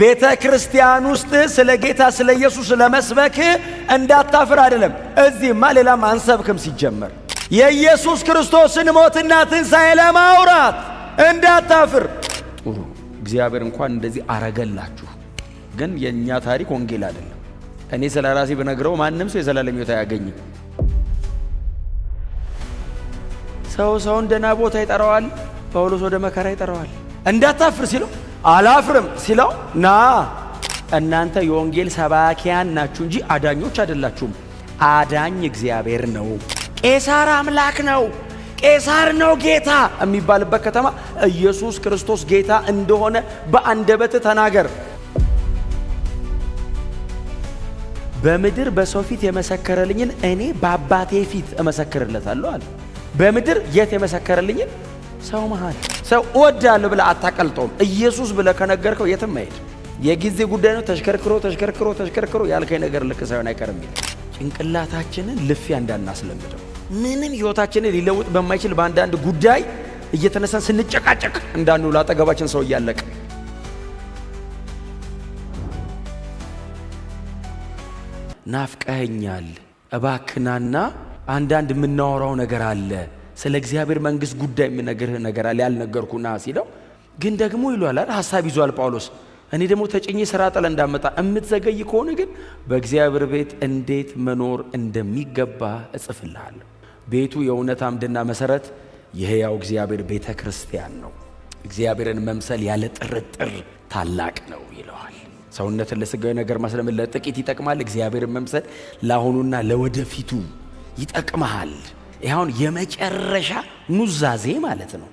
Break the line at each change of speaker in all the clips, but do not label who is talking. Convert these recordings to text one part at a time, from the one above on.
ቤተ ክርስቲያን ውስጥ ስለ ጌታ ስለ ኢየሱስ ለመስበክ እንዳታፍር አይደለም። እዚህማ ሌላም አንሰብክም። ሲጀመር የኢየሱስ ክርስቶስን ሞትና ትንሣኤ ለማውራት እንዳታፍር።
ጥሩ እግዚአብሔር እንኳን እንደዚህ አረገላችሁ። ግን የእኛ ታሪክ ወንጌል አይደለም። እኔ ስለ ራሴ ብነግረው ማንም ሰው የዘላለም ሕይወት አያገኝም። ሰው ሰውን ደህና ቦታ ይጠራዋል፣ ጳውሎስ ወደ መከራ ይጠራዋል። እንዳታፍር ሲለው አላፍርም ሲለው ና እናንተ የወንጌል ሰባኪያን ናችሁ እንጂ አዳኞች አይደላችሁም። አዳኝ እግዚአብሔር ነው። ቄሳር አምላክ ነው፣ ቄሳር ነው ጌታ የሚባልበት ከተማ ኢየሱስ ክርስቶስ ጌታ እንደሆነ በአንደበት ተናገር። በምድር በሰው ፊት የመሰከረልኝን እኔ በአባቴ ፊት እመሰክርለታለሁ አለ። በምድር የት የመሰከረልኝን ሰው መሃል ሰው እወዳለሁ ብለህ አታቀልጦም። ኢየሱስ ብለህ ከነገርከው የትም አይሄድ። የጊዜ ጉዳይ ነው። ተሽከርክሮ ተሽከርክሮ ተሽከርክሮ ያልከኝ ነገር ልክ ሳይሆን አይቀርም። ጭንቅላታችንን ልፊያ እንዳናስለምደው ምንም ህይወታችንን ሊለውጥ በማይችል በአንዳንድ ጉዳይ እየተነሳን ስንጨቃጨቅ እንዳንውል አጠገባችን ሰው እያለቀ ናፍቀኸኛል እባክናና አንዳንድ የምናወራው ነገር አለ ስለ እግዚአብሔር መንግስት ጉዳይ የሚነግርህ ነገር አለ ያልነገርኩና ሲለው ግን ደግሞ ይሏል ሀሳብ ይዟል ጳውሎስ። እኔ ደግሞ ተጭኜ ስራ ጠለ እንዳመጣ እምትዘገይ ከሆነ ግን በእግዚአብሔር ቤት እንዴት መኖር እንደሚገባ እጽፍልሃለሁ። ቤቱ የእውነት አምድና መሰረት የሕያው እግዚአብሔር ቤተ ክርስቲያን ነው። እግዚአብሔርን መምሰል ያለ ጥርጥር ታላቅ ነው ይለዋል። ሰውነትን ለስጋዊ ነገር ማስለምን ለጥቂት ይጠቅማል። እግዚአብሔርን መምሰል ለአሁኑና ለወደፊቱ ይጠቅመሃል። ይኸውን የመጨረሻ ኑዛዜ ማለት ነው።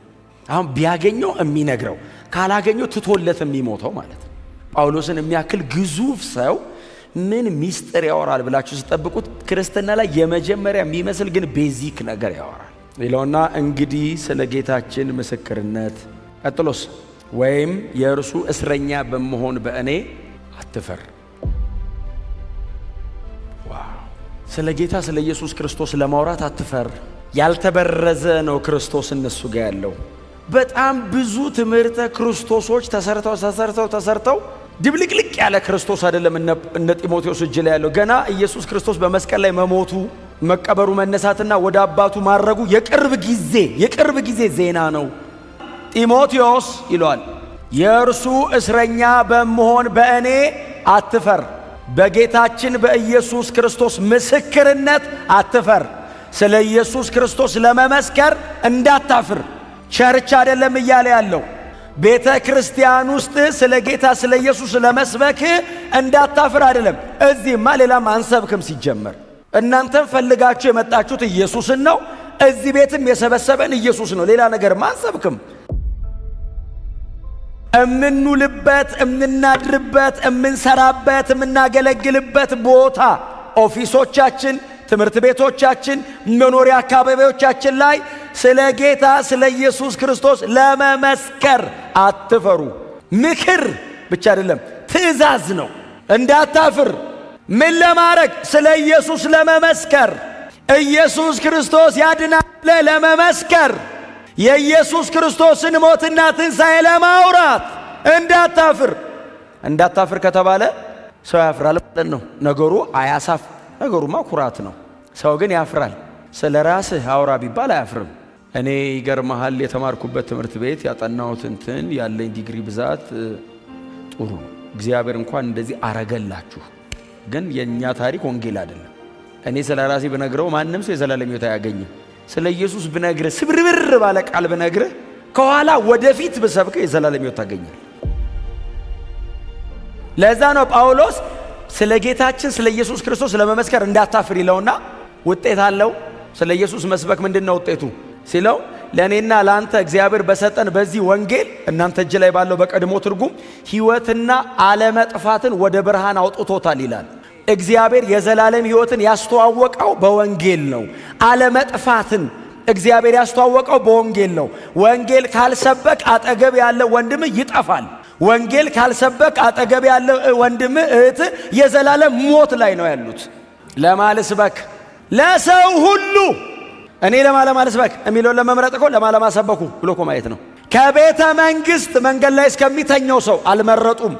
አሁን ቢያገኘው የሚነግረው ካላገኘው ትቶለት የሚሞተው ማለት ነው። ጳውሎስን የሚያክል ግዙፍ ሰው ምን ሚስጥር ያወራል ብላችሁ ስጠብቁት ክርስትና ላይ የመጀመሪያ የሚመስል ግን ቤዚክ ነገር ያወራል። ይለውና እንግዲህ ስለ ጌታችን ምስክርነት ቀጥሎስ ወይም የእርሱ እስረኛ በመሆን በእኔ አትፈር ስለ ጌታ ስለ ኢየሱስ ክርስቶስ ለማውራት አትፈር። ያልተበረዘ ነው ክርስቶስ እነሱ ጋር ያለው። በጣም ብዙ ትምህርተ ክርስቶሶች ተሰርተው ተሰርተው ተሰርተው ድብልቅልቅ ያለ ክርስቶስ አይደለም እነ ጢሞቴዎስ እጅ ላይ ያለው። ገና ኢየሱስ ክርስቶስ በመስቀል ላይ መሞቱ፣ መቀበሩ፣ መነሳትና ወደ አባቱ ማድረጉ የቅርብ ጊዜ የቅርብ ጊዜ ዜና ነው። ጢሞቴዎስ ይሏል። የእርሱ እስረኛ በመሆን በእኔ አትፈር በጌታችን በኢየሱስ ክርስቶስ ምስክርነት አትፈር። ስለ ኢየሱስ ክርስቶስ ለመመስከር እንዳታፍር። ቸርች አይደለም እያለ ያለው ቤተ ክርስቲያን ውስጥ ስለ ጌታ ስለ ኢየሱስ ለመስበክ እንዳታፍር አይደለም። እዚህማ ሌላም አንሰብክም። ሲጀመር እናንተም ፈልጋችሁ የመጣችሁት ኢየሱስን ነው። እዚህ ቤትም የሰበሰበን ኢየሱስ ነው። ሌላ ነገርማ አንሰብክም። እምንውልበት፣ እምናድርበት፣ እምንሰራበት፣ የምናገለግልበት ቦታ ኦፊሶቻችን፣ ትምህርት ቤቶቻችን፣ መኖሪያ አካባቢዎቻችን ላይ ስለ ጌታ ስለ ኢየሱስ ክርስቶስ ለመመስከር አትፈሩ። ምክር ብቻ አይደለም፣ ትእዛዝ ነው። እንዳታፍር። ምን ለማድረግ? ስለ ኢየሱስ ለመመስከር። ኢየሱስ ክርስቶስ ያድናል ለመመስከር የኢየሱስ ክርስቶስን ሞትና ትንሣኤ ለማውራት እንዳታፍር። እንዳታፍር ከተባለ ሰው ያፍራል ማለት ነው። ነገሩ አያሳፍ ነገሩማ ኩራት ነው። ሰው ግን ያፍራል። ስለ ራስህ አውራ ቢባል አያፍርም። እኔ ይገርመሃል፣ የተማርኩበት ትምህርት ቤት ያጠናሁት እንትን ያለኝ ዲግሪ ብዛት ጥሩ እግዚአብሔር እንኳን እንደዚህ አረገላችሁ። ግን የእኛ ታሪክ ወንጌል አይደለም። እኔ ስለ ራሴ ብነግረው ማንም ሰው የዘላለም ሕይወት አያገኝም። ስለ ኢየሱስ ብነግር ስብርብር ባለ ቃል ብነግርህ ከኋላ ወደፊት ብሰብክህ የዘላለም ሕይወት ታገኛል። ለዛ ነው ጳውሎስ ስለ ጌታችን ስለ ኢየሱስ ክርስቶስ ለመመስከር እንዳታፍር ይለውና ውጤት አለው። ስለ ኢየሱስ መስበክ ምንድን ነው ውጤቱ ሲለው ለእኔና ለአንተ እግዚአብሔር በሰጠን በዚህ ወንጌል እናንተ እጅ ላይ ባለው በቀድሞ ትርጉም ሕይወትና አለመጥፋትን ወደ ብርሃን አውጥቶታል ይላል። እግዚአብሔር የዘላለም ሕይወትን ያስተዋወቀው በወንጌል ነው። አለመጥፋትን እግዚአብሔር ያስተዋወቀው በወንጌል ነው። ወንጌል ካልሰበክ አጠገብ ያለ ወንድም ይጠፋል። ወንጌል ካልሰበክ አጠገብ ያለ ወንድም እህት የዘላለም ሞት ላይ ነው ያሉት። ለማልስበክ ለሰው ሁሉ እኔ ለማ ለማልስበክ የሚለውን ለመምረጥ እኮ ለማ ለማሰበኩ ብሎ እኮ ማየት ነው። ከቤተ መንግሥት መንገድ ላይ እስከሚተኘው ሰው አልመረጡም።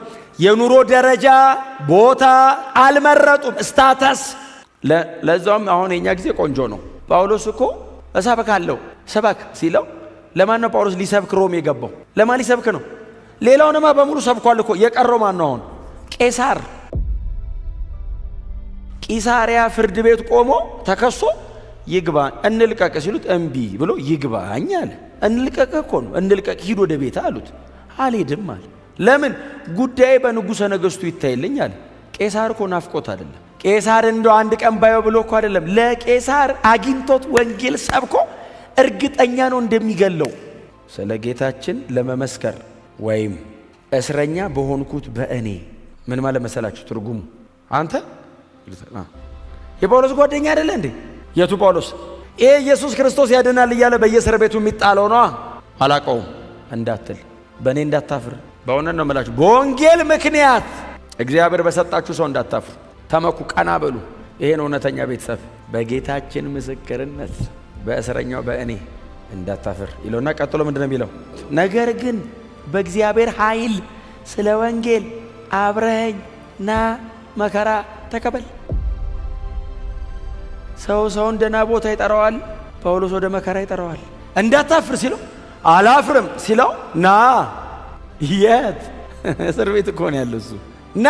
የኑሮ ደረጃ ቦታ አልመረጡም። ስታተስ ለዛውም አሁን የኛ ጊዜ ቆንጆ ነው። ጳውሎስ እኮ እሰብካለሁ ስበክ ሲለው ለማን ነው ጳውሎስ ሊሰብክ ሮም የገባው? ለማን ሊሰብክ ነው? ሌላውንማ በሙሉ ሰብኳል እኮ የቀረው ማን ነው? አሁን ቄሳር ቂሳሪያ ፍርድ ቤት ቆሞ ተከሶ ይግባ እንልቀቅ ሲሉት እምቢ ብሎ ይግባኝ አለ። እንልቀቅ እኮ ነው እንልቀቅ፣ ሂድ ወደ ቤት አሉት። አልሄድም አለ። ለምን ጉዳይ በንጉሠ ነገሥቱ ይታይልኝ አለ። ቄሳር እኮ ናፍቆት አይደለም። ቄሳር እንደው አንድ ቀን ባየው ብሎ እኮ አይደለም። ለቄሳር አግኝቶት ወንጌል ሰብኮ እርግጠኛ ነው እንደሚገለው ስለ ጌታችን ለመመስከር ወይም እስረኛ በሆንኩት በእኔ ምን ማለት መሰላችሁ? ትርጉሙ አንተ የጳውሎስ ጓደኛ አይደለ እንዴ? የቱ ጳውሎስ? ይሄ ኢየሱስ ክርስቶስ ያድናል እያለ በየእስር ቤቱ የሚጣለው ነዋ። አላቀውም እንዳትል፣ በእኔ እንዳታፍር በእውነት ነው የምላችሁ። በወንጌል ምክንያት እግዚአብሔር በሰጣችሁ ሰው እንዳታፍሩ፣ ተመኩ፣ ቀና በሉ። ይሄን እውነተኛ ቤተሰብ በጌታችን ምስክርነት በእስረኛው በእኔ እንዳታፍር ይለውና ቀጥሎ ምንድን ነው የሚለው? ነገር ግን በእግዚአብሔር ኃይል ስለ ወንጌል አብረኸኝ ና መከራ ተቀበል። ሰው ሰውን ደህና ቦታ ይጠራዋል፣ ጳውሎስ ወደ መከራ ይጠራዋል። እንዳታፍር ሲለው አላፍርም ሲለው ና የት እስር ቤት እኮ ነው ያለው እሱ። ና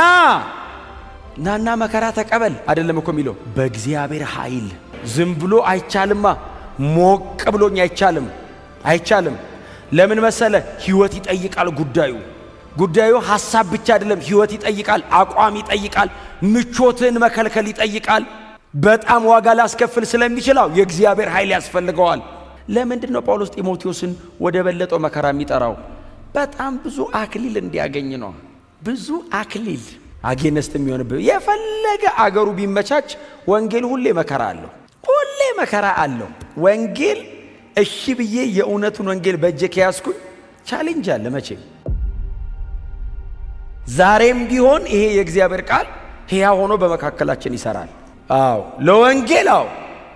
ናና መከራ ተቀበል አይደለም እኮ የሚለው በእግዚአብሔር ኃይል። ዝም ብሎ አይቻልማ፣ ሞቅ ብሎኝ አይቻልም፣ አይቻልም። ለምን መሰለ? ህይወት ይጠይቃል ጉዳዩ ጉዳዩ ሐሳብ ብቻ አይደለም። ህይወት ይጠይቃል፣ አቋም ይጠይቃል፣ ምቾትን መከልከል ይጠይቃል። በጣም ዋጋ ሊያስከፍል ስለሚችላው የእግዚአብሔር ኃይል ያስፈልገዋል። ለምንድን ነው ጳውሎስ ጢሞቴዎስን ወደ በለጠው መከራ የሚጠራው? በጣም ብዙ አክሊል እንዲያገኝ ነው። ብዙ አክሊል አጌነስት የሚሆንብህ የፈለገ አገሩ ቢመቻች ወንጌል ሁሌ መከራ አለው፣ ሁሌ መከራ አለው። ወንጌል እሺ ብዬ የእውነቱን ወንጌል በእጄ ከያዝኩኝ ቻሌንጅ አለ መቼም። ዛሬም ቢሆን ይሄ የእግዚአብሔር ቃል ሕያ ሆኖ በመካከላችን ይሰራል። አዎ ለወንጌል አዎ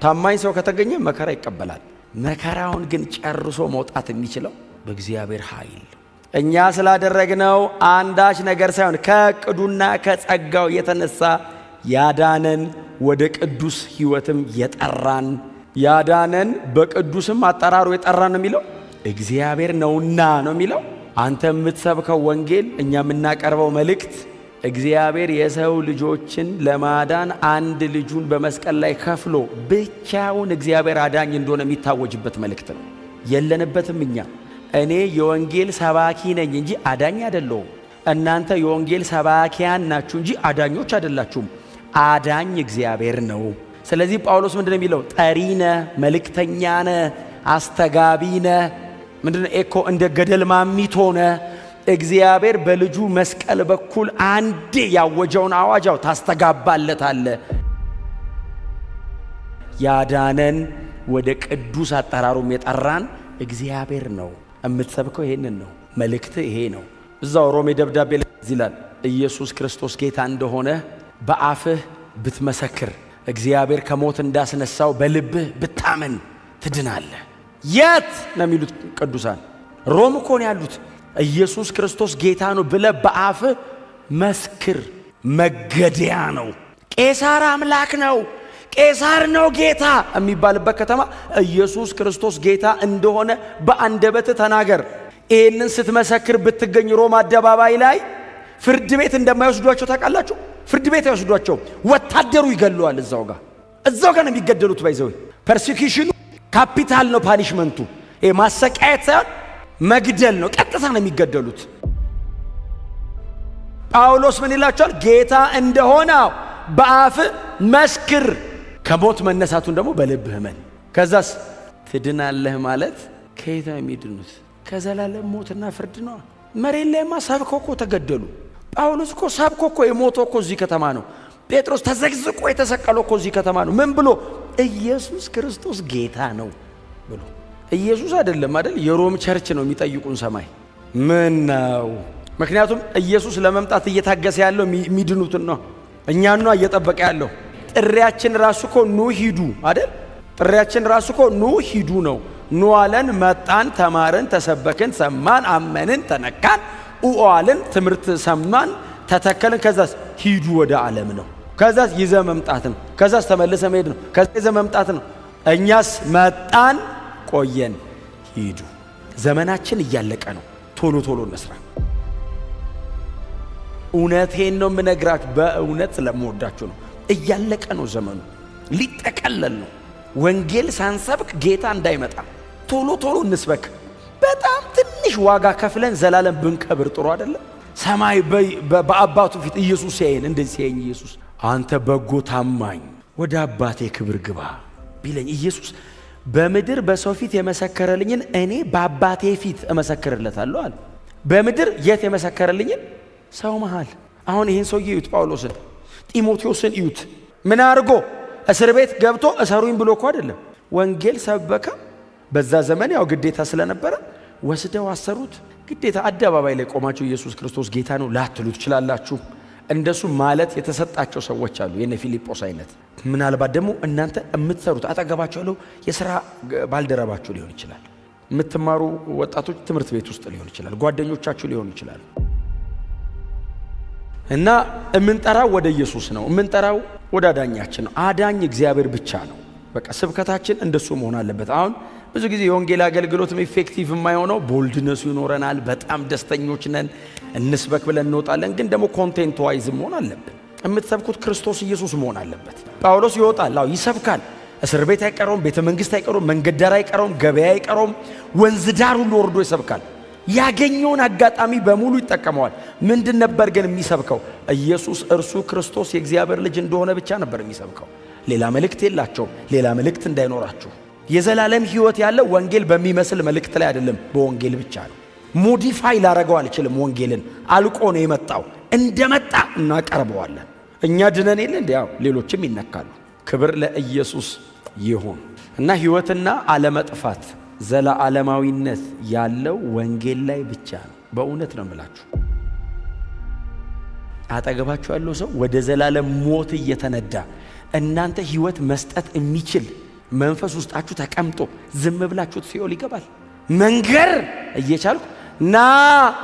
ታማኝ ሰው ከተገኘ መከራ ይቀበላል። መከራውን ግን ጨርሶ መውጣት የሚችለው በእግዚአብሔር ኃይል እኛ ስላደረግነው አንዳች ነገር ሳይሆን ከእቅዱና ከጸጋው የተነሳ ያዳነን ወደ ቅዱስ ሕይወትም የጠራን ያዳነን በቅዱስም አጠራሩ የጠራን ነው የሚለው እግዚአብሔር ነውና ነው የሚለው። አንተ የምትሰብከው ወንጌል፣ እኛ የምናቀርበው መልእክት እግዚአብሔር የሰው ልጆችን ለማዳን አንድ ልጁን በመስቀል ላይ ከፍሎ ብቻውን እግዚአብሔር አዳኝ እንደሆነ የሚታወጅበት መልእክት ነው። የለንበትም እኛ እኔ የወንጌል ሰባኪ ነኝ እንጂ አዳኝ አይደለሁም። እናንተ የወንጌል ሰባኪያን ናችሁ እንጂ አዳኞች አይደላችሁም። አዳኝ እግዚአብሔር ነው። ስለዚህ ጳውሎስ ምንድን ነው የሚለው? ጠሪነ፣ መልእክተኛነ፣ አስተጋቢነ ምንድነው ኤኮ እንደ ገደል ማሚት ሆነ እግዚአብሔር በልጁ መስቀል በኩል አንዴ ያወጀውን አዋጃው ታስተጋባለታለ ያዳነን ወደ ቅዱስ አጠራሩም የጠራን እግዚአብሔር ነው። የምትሰብከው ይሄንን ነው። መልእክት ይሄ ነው። እዛው ሮሜ ደብዳቤ ላይ ይላል ኢየሱስ ክርስቶስ ጌታ እንደሆነ በአፍህ ብትመሰክር እግዚአብሔር ከሞት እንዳስነሳው በልብህ ብታመን ትድናለህ። የት ነው የሚሉት ቅዱሳን? ሮም እኮ ነው ያሉት። ኢየሱስ ክርስቶስ ጌታ ነው ብለህ በአፍህ መስክር። መገደያ ነው። ቄሳር አምላክ ነው ቄሳር ነው ጌታ የሚባልበት ከተማ ኢየሱስ ክርስቶስ ጌታ እንደሆነ በአንደበት ተናገር። ይህንን ስትመሰክር ብትገኝ ሮም አደባባይ ላይ ፍርድ ቤት እንደማይወስዷቸው ታውቃላችሁ። ፍርድ ቤት አይወስዷቸው፣ ወታደሩ ይገለዋል። እዛው ጋር እዛው ጋር ነው የሚገደሉት። ባይዘው ፐርሲኪሽኑ ካፒታል ነው። ፓኒሽመንቱ ማሰቃየት ሳይሆን መግደል ነው። ቀጥታ ነው የሚገደሉት። ጳውሎስ ምን ይላቸዋል? ጌታ እንደሆነ በአፍ መስክር ከሞት መነሳቱን ደግሞ በልብህ መን ከዛስ ትድናለህ ማለት ከየት ነው የሚድኑት? ከዘላለም ሞትና ፍርድ ነዋ። መሬት ላይማ ሰብኮ እኮ ተገደሉ። ጳውሎስ እኮ ሰብኮ እኮ የሞቶ እኮ እዚህ ከተማ ነው። ጴጥሮስ ተዘግዝቆ የተሰቀለ እኮ እዚህ ከተማ ነው። ምን ብሎ ኢየሱስ ክርስቶስ ጌታ ነው ብሎ ኢየሱስ አይደለም አይደል? የሮም ቸርች ነው የሚጠይቁን ሰማይ ምን ነው? ምክንያቱም ኢየሱስ ለመምጣት እየታገሰ ያለው የሚድኑትን ነው። እኛኗ እየጠበቀ ያለው ጥሪያችን ራሱ እኮ ኑ ሂዱ አይደል? ጥሪያችን ራሱ እኮ ኑ ሂዱ ነው። ኑ አለን፣ መጣን፣ ተማርን፣ ተሰበክን፣ ሰማን፣ አመንን፣ ተነካን፣ ኡአልን፣ ትምህርት ሰማን፣ ተተከልን። ከዛስ ሂዱ ወደ ዓለም ነው። ከዛስ ይዘ መምጣት ነው። ከዛስ ተመልሰ መሄድ ነው። ከዛ ይዘ መምጣት ነው። እኛስ መጣን፣ ቆየን፣ ሂዱ። ዘመናችን እያለቀ ነው። ቶሎ ቶሎ እንስራ። እውነቴን ነው የምነግራችሁ፣ በእውነት ስለምወዳችሁ ነው። እያለቀ ነው ዘመኑ፣ ሊጠቀለል ነው። ወንጌል ሳንሰብክ ጌታ እንዳይመጣ። ቶሎ ቶሎ እንስበክ። በጣም ትንሽ ዋጋ ከፍለን ዘላለም ብንቀብር ጥሩ አይደለም። ሰማይ በአባቱ ፊት ኢየሱስ ሲያየን እንደዚህ ሲያየኝ ኢየሱስ አንተ በጎ ታማኝ ወደ አባቴ ክብር ግባ ቢለኝ ኢየሱስ በምድር በሰው ፊት የመሰከረልኝን እኔ በአባቴ ፊት እመሰክርለታለሁ አለ። በምድር የት የመሰከረልኝን ሰው መሃል። አሁን ይህን ሰውዬ ጳውሎስን ጢሞቴዎስን እዩት። ምን አድርጎ እስር ቤት ገብቶ እሰሩኝ ብሎ እኮ አይደለም። ወንጌል ሰበከ። በዛ ዘመን ያው ግዴታ ስለነበረ ወስደው አሰሩት። ግዴታ አደባባይ ላይ ቆማቸው ኢየሱስ ክርስቶስ ጌታ ነው ላትሉ ትችላላችሁ። እንደሱ ማለት የተሰጣቸው ሰዎች አሉ፣ የነ ፊልጶስ አይነት። ምናልባት ደግሞ እናንተ የምትሰሩት አጠገባቸው ያለው የስራ ባልደረባችሁ ሊሆን ይችላል። የምትማሩ ወጣቶች ትምህርት ቤት ውስጥ ሊሆን ይችላል። ጓደኞቻችሁ ሊሆኑ ይችላሉ። እና የምንጠራው ወደ ኢየሱስ ነው። የምንጠራው ወደ አዳኛችን ነው። አዳኝ እግዚአብሔር ብቻ ነው። በቃ ስብከታችን እንደሱ መሆን አለበት። አሁን ብዙ ጊዜ የወንጌል አገልግሎትም ኢፌክቲቭ የማይሆነው ቦልድነሱ ይኖረናል፣ በጣም ደስተኞች ነን፣ እንስበክ ብለን እንወጣለን። ግን ደግሞ ኮንቴንት ዋይዝ መሆን አለብን። የምትሰብኩት ክርስቶስ ኢየሱስ መሆን አለበት። ጳውሎስ ይወጣል፣ አዎ ይሰብካል። እስር ቤት አይቀረውም፣ ቤተ መንግስት አይቀረውም፣ መንገድ ዳር አይቀረውም፣ ገበያ አይቀረውም፣ ወንዝ ዳር ሁሉ ወርዶ ይሰብካል። ያገኘውን አጋጣሚ በሙሉ ይጠቀመዋል። ምንድን ነበር ግን የሚሰብከው? ኢየሱስ እርሱ ክርስቶስ የእግዚአብሔር ልጅ እንደሆነ ብቻ ነበር የሚሰብከው። ሌላ መልእክት የላቸውም። ሌላ መልእክት እንዳይኖራችሁ የዘላለም ሕይወት ያለው ወንጌል በሚመስል መልእክት ላይ አይደለም፣ በወንጌል ብቻ ነው። ሞዲፋይ ላረገው አልችልም። ወንጌልን አልቆ ነው የመጣው። እንደመጣ እናቀርበዋለን። እኛ ድነን የለ እንዲ ሌሎችም ይነካሉ። ክብር ለኢየሱስ ይሁን እና ሕይወትና አለመጥፋት ዘለዓለማዊነት ያለው ወንጌል ላይ ብቻ ነው። በእውነት ነው የምላችሁ። አጠገባችሁ ያለው ሰው ወደ ዘላለም ሞት እየተነዳ እናንተ ሕይወት መስጠት የሚችል መንፈስ ውስጣችሁ ተቀምጦ ዝም ብላችሁት ሲኦል ይገባል። መንገር እየቻልኩ ና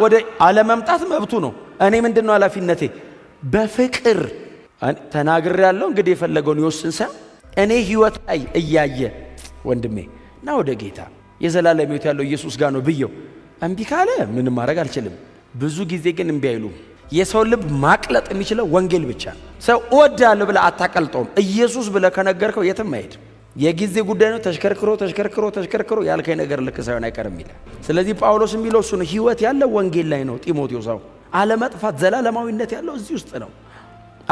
ወደ አለመምጣት መብቱ ነው። እኔ ምንድን ነው ኃላፊነቴ? በፍቅር ተናግር ያለው እንግዲህ የፈለገውን ይወስን እኔ ሕይወት ላይ እያየ ወንድሜ ና ወደ ጌታ የዘላለም ሕይወት ያለው ኢየሱስ ጋር ነው ብየው እምቢ ካለ ምንም ማድረግ አልችልም። ብዙ ጊዜ ግን እምቢ አይሉ። የሰው ልብ ማቅለጥ የሚችለው ወንጌል ብቻ ነው። ሰው እወዳለሁ ብለህ አታቀልጠውም። ኢየሱስ ብለህ ከነገርከው የትም አይሄድ። የጊዜ ጉዳይ ነው። ተሽከርክሮ ተሽከርክሮ ተሽከርክሮ ያልከኝ ነገር ልክ ሳይሆን አይቀርም ይላል። ስለዚህ ጳውሎስ የሚለው እሱ ነው። ሕይወት ያለው ወንጌል ላይ ነው። ጢሞቴዎስ ሰው አለመጥፋት ዘላለማዊነት ያለው እዚህ ውስጥ ነው።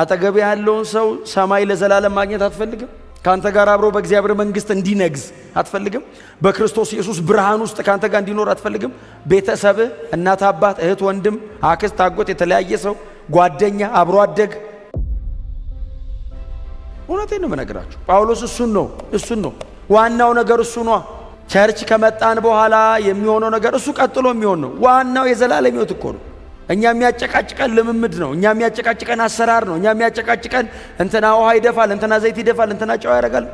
አጠገብ ያለውን ሰው ሰማይ ለዘላለም ማግኘት አትፈልግም? ከአንተ ጋር አብሮ በእግዚአብሔር መንግስት እንዲነግዝ አትፈልግም? በክርስቶስ ኢየሱስ ብርሃን ውስጥ ከአንተ ጋር እንዲኖር አትፈልግም? ቤተሰብህ፣ እናት፣ አባት፣ እህት፣ ወንድም፣ አክስት፣ አጎት፣ የተለያየ ሰው፣ ጓደኛ፣ አብሮ አደግ። እውነቴን ነው የምነግራችሁ። ጳውሎስ እሱን ነው እሱን ነው ዋናው ነገር እሱ ነ ቸርች ከመጣን በኋላ የሚሆነው ነገር እሱ ቀጥሎ የሚሆን ነው። ዋናው የዘላለም ሕይወት እኮ ነው። እኛ የሚያጨቃጭቀን ልምምድ ነው። እኛ የሚያጨቃጭቀን አሰራር ነው። እኛ የሚያጨቃጭቀን እንትና ውሃ ይደፋል፣ እንትና ዘይት ይደፋል፣ እንትና ጨው ያደርጋል።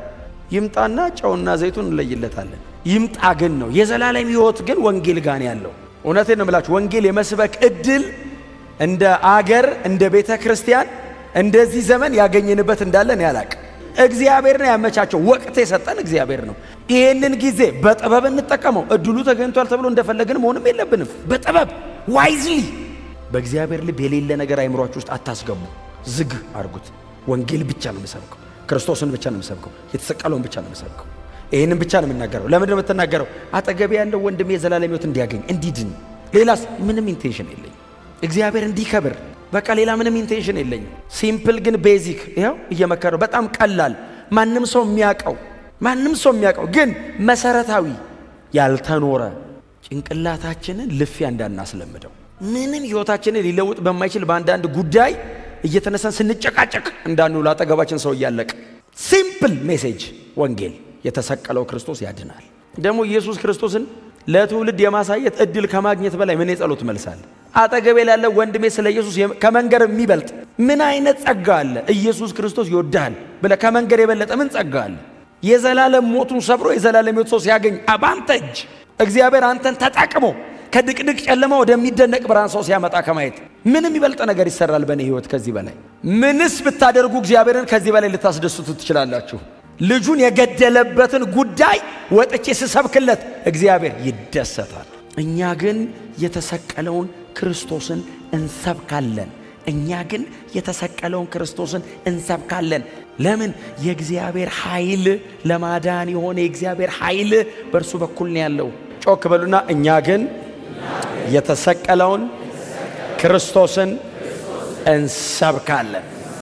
ይምጣና ጨውና ዘይቱን እንለይለታለን። ይምጣ ግን ነው የዘላለም ሕይወት ግን ወንጌል ጋን ያለው እውነቴን ነው የምላችሁ። ወንጌል የመስበክ እድል እንደ አገር እንደ ቤተ ክርስቲያን እንደዚህ ዘመን ያገኘንበት እንዳለን ያላቅ እግዚአብሔር ነው ያመቻቸው። ወቅት የሰጠን እግዚአብሔር ነው። ይህንን ጊዜ በጥበብ እንጠቀመው። እድሉ ተገኝቷል ተብሎ እንደፈለግን መሆንም የለብንም። በጥበብ ዋይዝሊ በእግዚአብሔር ልብ የሌለ ነገር አይምሯችሁ ውስጥ አታስገቡ። ዝግ አርጉት። ወንጌል ብቻ ነው የምሰብከው። ክርስቶስን ብቻ ነው የምሰብከው። የተሰቀለውን ብቻ ነው የምሰብከው። ይህንም ብቻ ነው የምናገረው። ለምንድን ነው የምትናገረው? አጠገቤ ያለው ወንድሜ የዘላለም ሕይወት እንዲያገኝ እንዲድን። ሌላስ ምንም ኢንቴንሽን የለኝም። እግዚአብሔር እንዲከብር በቃ ሌላ ምንም ኢንቴንሽን የለኝም። ሲምፕል ግን ቤዚክ ይኸው እየመከረው በጣም ቀላል ማንም ሰው የሚያውቀው ማንም ሰው የሚያውቀው ግን መሰረታዊ ያልተኖረ ጭንቅላታችንን ልፊያ እንዳናስለምደው ምንም ህይወታችንን ሊለውጥ በማይችል በአንዳንድ ጉዳይ እየተነሳን ስንጨቃጨቅ እንዳንውል አጠገባችን ሰው እያለቅ ሲምፕል ሜሴጅ ወንጌል የተሰቀለው ክርስቶስ ያድናል። ደግሞ ኢየሱስ ክርስቶስን ለትውልድ የማሳየት እድል ከማግኘት በላይ ምን የጸሎት መልሳል? አጠገቤ ላለ ወንድሜ ስለ ኢየሱስ ከመንገር የሚበልጥ ምን አይነት ጸጋ አለ? ኢየሱስ ክርስቶስ ይወድሃል ብለ ከመንገር የበለጠ ምን ጸጋ አለ? የዘላለም ሞቱን ሰብሮ የዘላለም ሕይወት ሰው ሲያገኝ በአንተ እጅ እግዚአብሔር አንተን ተጠቅሞ ከድቅድቅ ጨለማ ወደሚደነቅ ብርሃን ሰው ሲያመጣ ከማየት ምንም ይበልጥ ነገር ይሰራል በእኔ ህይወት ከዚህ በላይ ምንስ ብታደርጉ እግዚአብሔርን ከዚህ በላይ ልታስደስቱ ትችላላችሁ ልጁን የገደለበትን ጉዳይ ወጥቼ ስሰብክለት እግዚአብሔር ይደሰታል እኛ ግን የተሰቀለውን ክርስቶስን እንሰብካለን እኛ ግን የተሰቀለውን ክርስቶስን እንሰብካለን ለምን የእግዚአብሔር ኃይል ለማዳን የሆነ የእግዚአብሔር ኃይል በእርሱ በኩል ነው ያለው ጮክ በሉና እኛ ግን የተሰቀለውን ክርስቶስን እንሰብካለን።